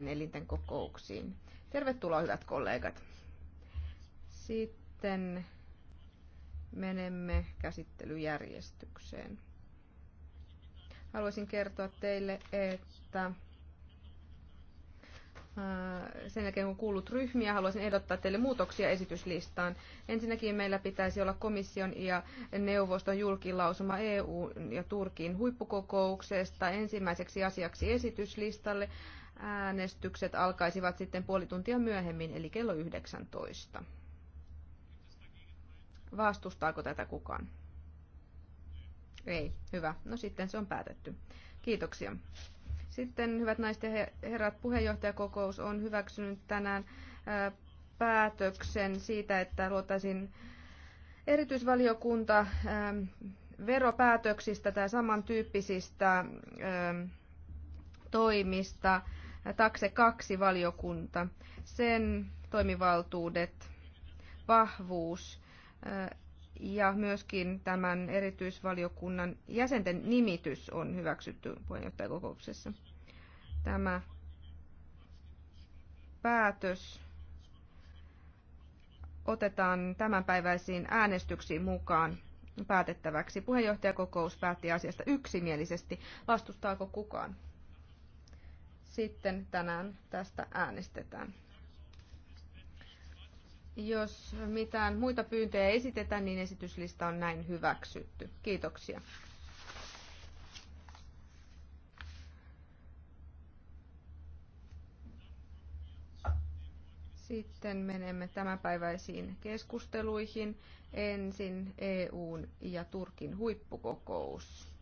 elinten kokouksiin. Tervetuloa hyvät kollegat. Sitten menemme käsittelyjärjestykseen. Haluaisin kertoa teille, että sen jälkeen kun kuullut ryhmiä, haluaisin ehdottaa teille muutoksia esityslistaan. Ensinnäkin meillä pitäisi olla komission ja neuvoston julkilausuma EU ja Turkin huippukokouksesta ensimmäiseksi asiaksi esityslistalle. Äänestykset alkaisivat sitten puoli tuntia myöhemmin, eli kello 19. Vastustaako tätä kukaan? Ei, hyvä. No sitten se on päätetty. Kiitoksia. Sitten, hyvät naiset ja herrat, puheenjohtajakokous on hyväksynyt tänään päätöksen siitä, että luotaisin erityisvaliokunta veropäätöksistä tai samantyyppisistä toimista takse kaksi valiokunta, sen toimivaltuudet, vahvuus, ja myöskin tämän erityisvaliokunnan jäsenten nimitys on hyväksytty puheenjohtajakokouksessa. Tämä päätös otetaan tämänpäiväisiin äänestyksiin mukaan päätettäväksi. Puheenjohtajakokous päätti asiasta yksimielisesti. Vastustaako kukaan? Sitten tänään tästä äänestetään. Jos mitään muita pyyntöjä esitetään, niin esityslista on näin hyväksytty. Kiitoksia. Sitten menemme tämänpäiväisiin keskusteluihin. Ensin EUn ja Turkin huippukokous.